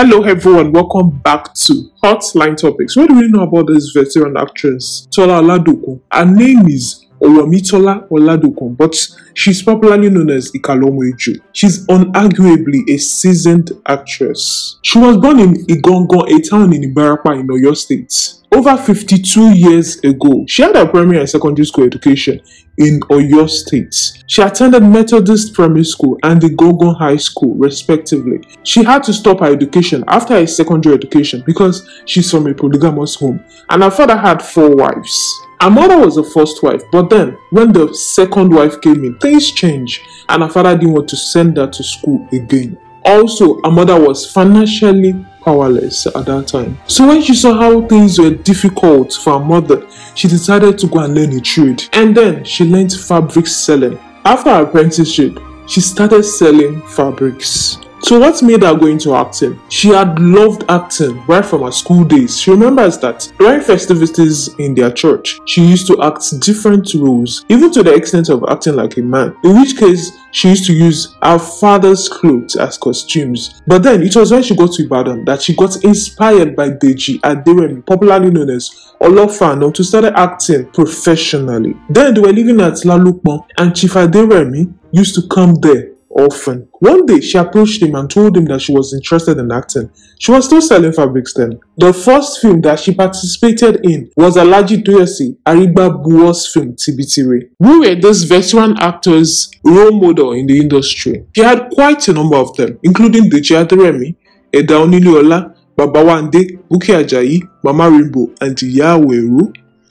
Hello, everyone. Welcome back to Hotline Topics. What do we know about this veteran actress, Tola Oladokun? Her name is Owamitola Oladokun, but she's popularly known as Ikalomoju. She's unarguably a seasoned actress. She was born in Igongo, a town in Ibarapa in Oyo State. Over 52 years ago, she had her primary and secondary school education in Oyo State. She attended Methodist Primary School and the Gogon High School, respectively. She had to stop her education after her secondary education because she's from a polygamous home, and her father had four wives. Her mother was the first wife, but then when the second wife came in, things changed, and her father didn't want to send her to school again. Also, her mother was financially powerless at that time. So when she saw how things were difficult for her mother, she decided to go and learn a trade. And then she learned fabric selling. After her apprenticeship, she started selling fabrics. So, what made her go into acting? She had loved acting right from her school days. She remembers that during festivities in their church, she used to act different roles, even to the extent of acting like a man, in which case, she used to use her father's clothes as costumes. But then it was when she got to Ibadan that she got inspired by Deji Aderemi, popularly known as Olofano, to start acting professionally. Then they were living at Lalukman, and Chief Aderemi used to come there often. One day, she approached him and told him that she was interested in acting. She was still selling fabrics then. The first film that she participated in was Alaji Doyasi, Ariba Buwa's film Tibitire. Who were veteran actors' role model in the industry? She had quite a number of them, including Deji Aderemi, Eda Oniliola, Babawande, Buki Ajayi, Mama Rainbow, and Iya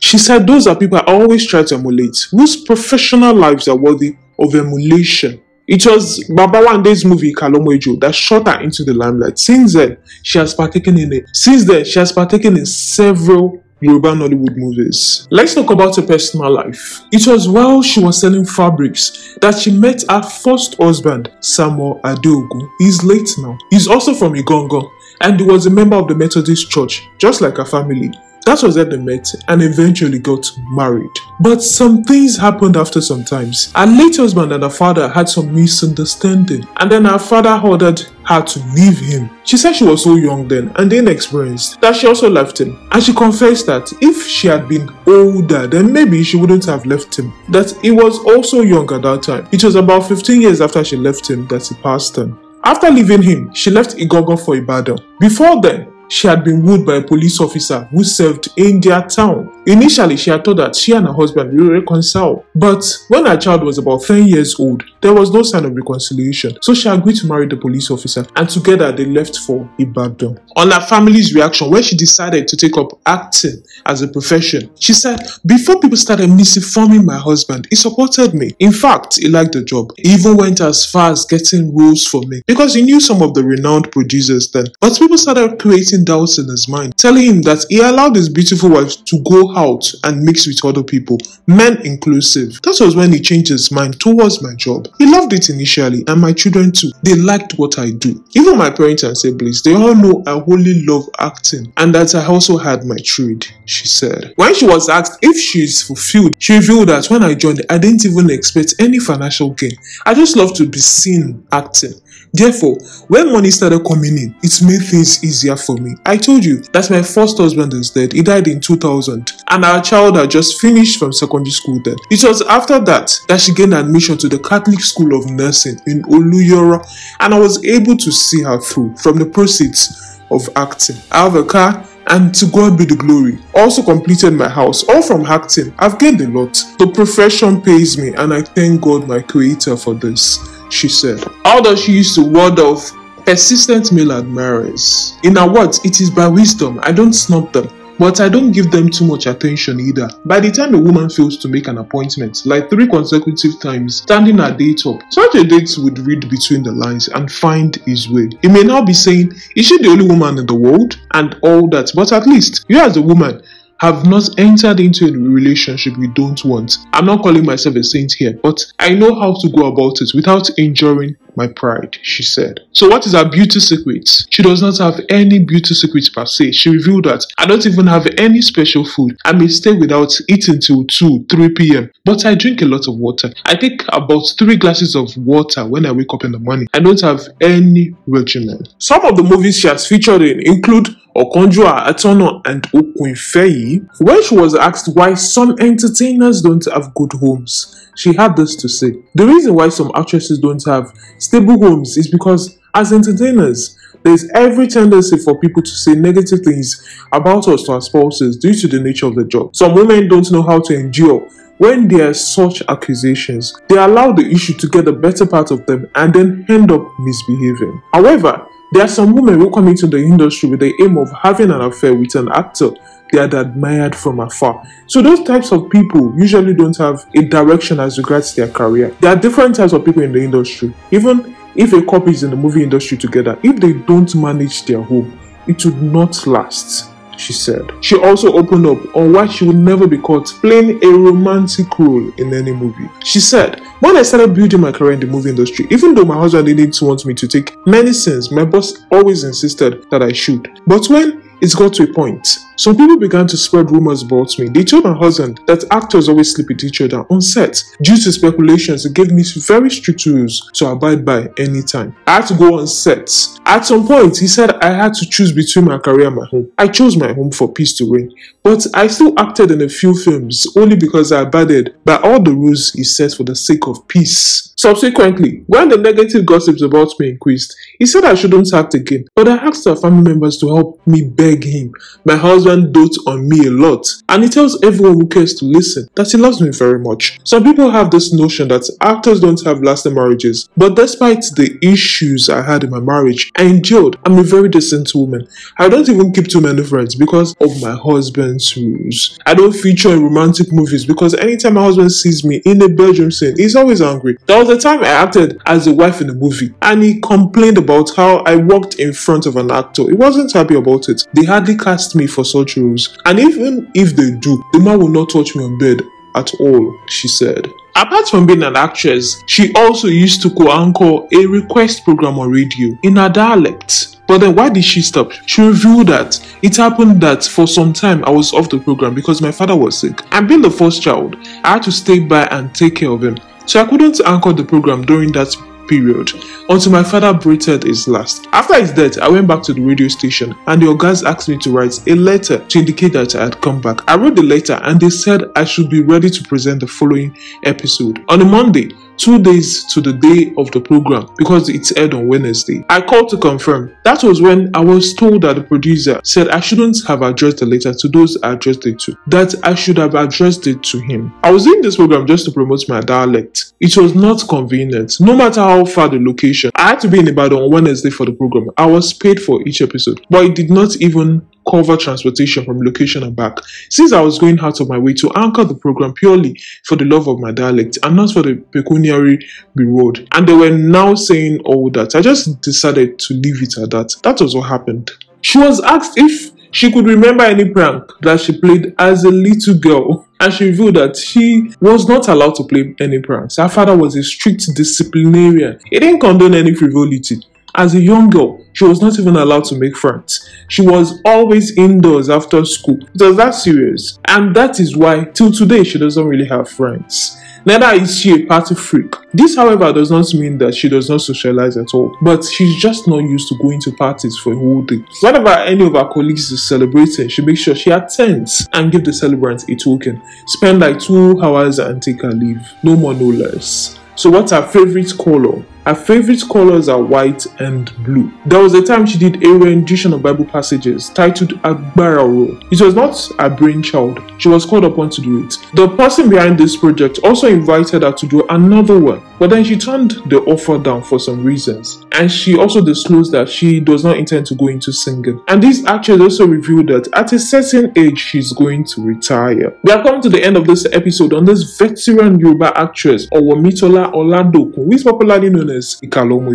She said those are people I always try to emulate, whose professional lives are worthy of emulation. It was Baba Day's movie Kalomwejo that shot her into the limelight. Since then, she has partaken in it. Since then, she has partaken in several Yoruba Nollywood movies. Let's talk about her personal life. It was while she was selling fabrics that she met her first husband, Samuel Adeogu. He's late now. He's also from Igongo and he was a member of the Methodist Church, just like her family. That was how they met and eventually got married. But some things happened after some times. Her late husband and her father had some misunderstanding and then her father ordered her to leave him. She said she was so young then and inexperienced that she also left him. And she confessed that if she had been older, then maybe she wouldn't have left him. That he was also young at that time. It was about 15 years after she left him that he passed on. After leaving him, she left Igogo for Ibadan. Before then, she had been wooed by a police officer who served in their town. Initially, she had thought that she and her husband will reconcile, but when her child was about 10 years old, there was no sign of reconciliation, so she agreed to marry the police officer, and together they left for Ibadan. On her family's reaction, when she decided to take up acting as a profession, she said, Before people started misinforming my husband, he supported me. In fact, he liked the job. He even went as far as getting roles for me because he knew some of the renowned producers then, but people started creating creating doubts in his mind, telling him that he allowed his beautiful wife to go out and mix with other people, men inclusive. That was when he changed his mind towards my job. He loved it initially, and my children too. They liked what I do. Even my parents and siblings, they all know I wholly love acting and that I also had my trade, she said. When she was asked if she is fulfilled, she revealed that when I joined, I didn't even expect any financial gain. I just love to be seen acting. Therefore, when money started coming in, it made things easier for me. I told you that my first husband is dead. He died in 2000 and our child had just finished from secondary school then. It was after that that she gained admission to the Catholic School of Nursing in Oluyora and I was able to see her through from the proceeds of acting. I have a car and to God be the glory. Also completed my house, all from acting. I've gained a lot. The profession pays me and I thank God my creator for this she said. Although she used the word of persistent male admirers. In a words, it is by wisdom, I don't snub them. But I don't give them too much attention either. By the time a woman fails to make an appointment, like three consecutive times, standing her date up, such a date would read between the lines and find his way. He may now be saying, Is she the only woman in the world? and all that, but at least you, as a woman, have not entered into a relationship you don't want. I'm not calling myself a saint here, but I know how to go about it without injuring my pride, she said. So, what is her beauty secret? She does not have any beauty secret per se. She revealed that I don't even have any special food. I may stay without eating till 2, 3 p.m., but I drink a lot of water. I take about 3 glasses of water when I wake up in the morning. I don't have any regimen. Some of the movies she has featured in include Okonjo Atono and Okwinfeyi, when she was asked why some entertainers don't have good homes, she had this to say. The reason why some actresses don't have stable homes is because as entertainers, there's every tendency for people to say negative things about us to our spouses due to the nature of the job. Some women don't know how to endure when there are such accusations. They allow the issue to get the better part of them and then end up misbehaving. However, there are some women who come into the industry with the aim of having an affair with an actor they are admired from afar. So those types of people usually don't have a direction as regards their career. There are different types of people in the industry. Even if a couple is in the movie industry together, if they don't manage their home, it would not last she said. She also opened up on why she would never be caught playing a romantic role in any movie. She said, When I started building my career in the movie industry, even though my husband didn't want me to take many scenes, my boss always insisted that I should. But when it has got to a point. Some people began to spread rumors about me. They told my husband that actors always sleep with each other on set. Due to speculations, he gave me very strict rules to abide by anytime. I had to go on set. At some point, he said I had to choose between my career and my home. I chose my home for peace to reign. But I still acted in a few films only because I abided by all the rules he set for the sake of peace. Subsequently, when the negative gossips about me increased, he said I shouldn't act again, but I asked our family members to help me beg him. My husband dotes on me a lot, and he tells everyone who cares to listen that he loves me very much. Some people have this notion that actors don't have lasting marriages, but despite the issues I had in my marriage, I endured. I'm a very decent woman. I don't even keep too many friends because of my husband's rules. I don't feature in romantic movies because anytime my husband sees me in a bedroom scene, he's always angry. That was the time I acted as a wife in a movie, and he complained about how I walked in front of an actor. He wasn't happy about it. They hardly cast me for such roles, and even if they do, the man will not touch me on bed at all, she said. Apart from being an actress, she also used to co-anchor a request program on radio in her dialect. But then why did she stop? She revealed that it happened that for some time I was off the program because my father was sick. And being the first child, I had to stay by and take care of him. So I couldn't anchor the program during that period until my father breathed his last. After his death, I went back to the radio station and the guys asked me to write a letter to indicate that I had come back. I wrote the letter and they said I should be ready to present the following episode. On a Monday, two days to the day of the program because it's aired on Wednesday. I called to confirm. That was when I was told that the producer said I shouldn't have addressed the letter to those I addressed it to, that I should have addressed it to him. I was in this program just to promote my dialect. It was not convenient, no matter how far the location. I had to be in Ibadan on Wednesday for the program. I was paid for each episode, but it did not even cover transportation from location and back. Since I was going out of my way to anchor the program purely for the love of my dialect and not for the pecuniary reward, and they were now saying all that, I just decided to leave it at that. That was what happened. She was asked if she could remember any prank that she played as a little girl, and she revealed that she was not allowed to play any pranks. Her father was a strict disciplinarian. He didn't condone any frivolity. As a young girl, she was not even allowed to make friends. She was always indoors after school. It was that serious. And that is why, till today, she doesn't really have friends. Neither is she a party freak. This, however, does not mean that she does not socialize at all, but she's just not used to going to parties for a whole day. Whenever any of her colleagues is celebrating, she makes sure she attends and give the celebrant a token. Spend like two hours and take her leave. No more, no less. So what's her favorite color? Her favorite colors are white and blue. There was a time she did a rendition of Bible passages titled Agbara Road." It was not a brainchild, she was called upon to do it. The person behind this project also invited her to do another one, but then she turned the offer down for some reasons. And she also disclosed that she does not intend to go into singing. And this actress also revealed that at a certain age, she's going to retire. We are coming to the end of this episode on this veteran Yoruba actress, Owomitola Oladokun, who is popularly known as business Ikalomo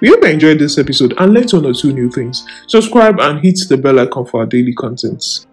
We hope you enjoyed this episode and learned one or two new things. Subscribe and hit the bell icon for our daily contents.